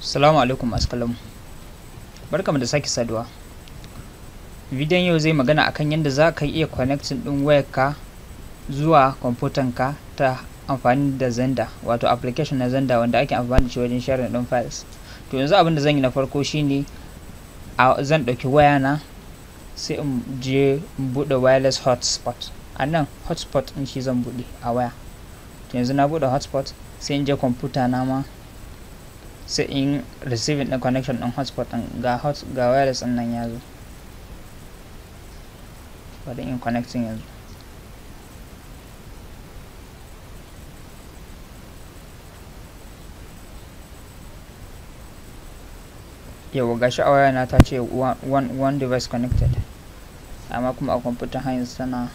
Salamu alaikum askalamu barkamu da sake saduwa bidiyon yau zai magana akan yadda za ka iya connecting din ka zuwa ka ta amfani da Zenda wato application na Zenda wanda ake amfani da shi wajen sharing din files to yanzu abin da zan yi na farko shine a zan ɗauki waya na sai in je in buɗe wireless hotspot a nan hotspot in shi zan buɗe a waya to yanzu na buɗe hotspot sai in je kwamfuta na ma sai in receiving na connection ɗin hotspot ga hot ga wireless ɗin nan ya zo in connecting yanzu yawa gashi a waya na ta ce one, one device connected amma kuma a kwamfutar hanyar na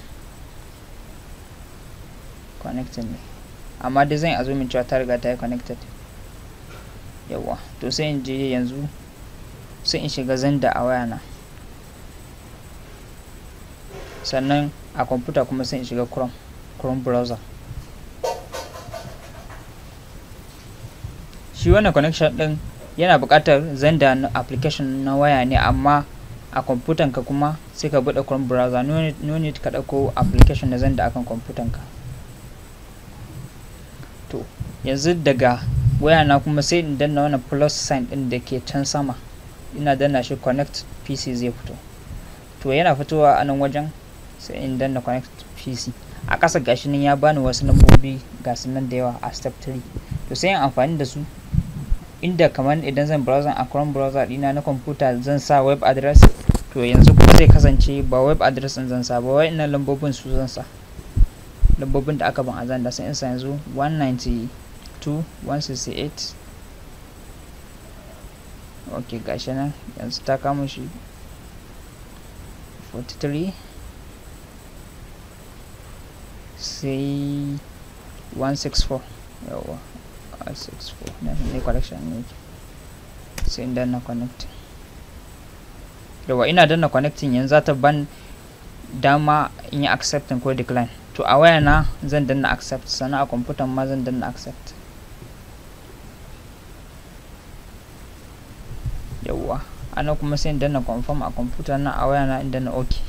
connected ne amma dai zan yi azumin cewa ta riga ta yi connected yawa to sai in je yanzu sai in shiga zanda a wayana sannan a kwamfuta kuma sai in shiga chrome chrome browser shi wannan connection din yana buƙatar zanda na application na waya ne amma a kwamfutan ka kuma sai ka bude chrome browser no need ka dauko application na zanda akan kwamfutan ka to yanzu daga wayana kuma sai in danna wannan plus sign din da ke can sama ina danna shi connect pc zai fito to yana fitowa a nan wajen sai in danna connect pc a ƙasa gashi nan ya bani wasu lambobi ga su nan da yawa a step 3 to sai in amfani da su inda kamar idan zan browser a chrome browser dina na computer zan sa web address to yanzu kuma zai kasance ba web address din zan sa ba wai ina lambobin su zan sa lambobin da aka ban azan da sai in sa yanzu 190 2 168 ok gashi nan yanzu ta kama shi 43 sai 164 yawa 164 ne ne sai connect yawa ina danna connecting yanzu za ta ban dama in yi accepting ko decline to a waya na zan danna accept sannan a computer ma zan danna accept yawwa ana kuma sai danna confirm a computer na a waya na inda na ok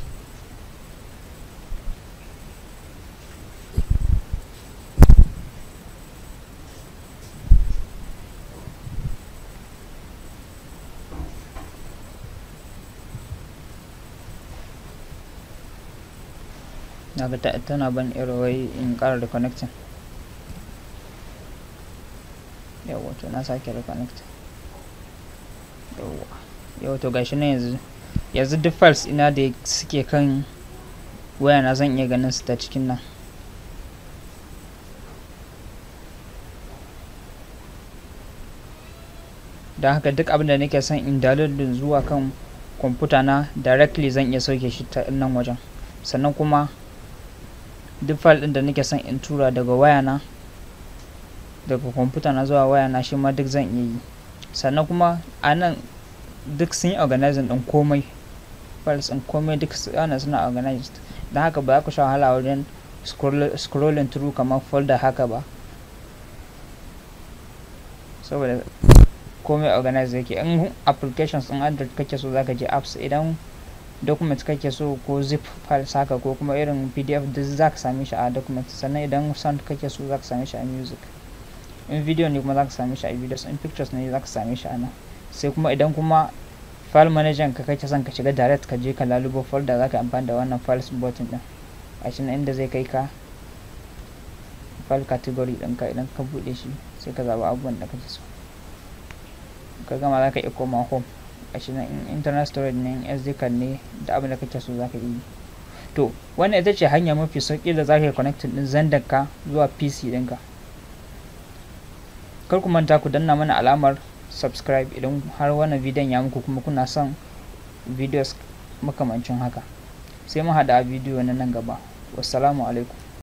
daga ta na ban wai in ƙara reconnecting yawa to na sake reconnecting yau to gashi na yanzu yanzu duk files ina da suke kan waya na zan iya ganin su ta cikin nan don haka duk abin da nake son in download zuwa kan kwamfuta na directly zan iya sauke shi ta nan wajen sannan kuma duk file din da nake son in tura daga waya na daga kwamfuta na zuwa waya na shi ma duk zan iya yi sannan kuma a nan duk sun yi organizing ɗin komai files ɗin komai duk ana suna organized don haka ba za ku sha wahala wajen scrolling through kamar folder haka ba saboda komai organized yake in applications ɗin android kake so zaka je apps idan document kake so ko zip files haka ko kuma irin pdf duk zaka same shi a document sannan idan sound kake so zaka same shi a music in video ne kuma za ka same shi a videos in pictures ne za ka same shi a nan sai kuma idan kuma file manager ka kai son ka shiga direct ka je ka lalubo folder za ka amfani da wannan files button din a cikin inda zai kai ka file category ɗinka idan ka buɗe shi sai ka zaɓi abubuwan da kake so ka gama za ka iya koma home a cikin internal storage ne sd card ne da abin da kake so za ka yi to wannan ita ce hanya mafi sauki da za ka din zandar ka zuwa pc ɗinka kar ku manta ku danna mana alamar subscribe idan har wannan bidiyon ya muku kuma kuna son videos makamancin haka sai mu haɗu a bidiyo na nan gaba wassalamu alaikum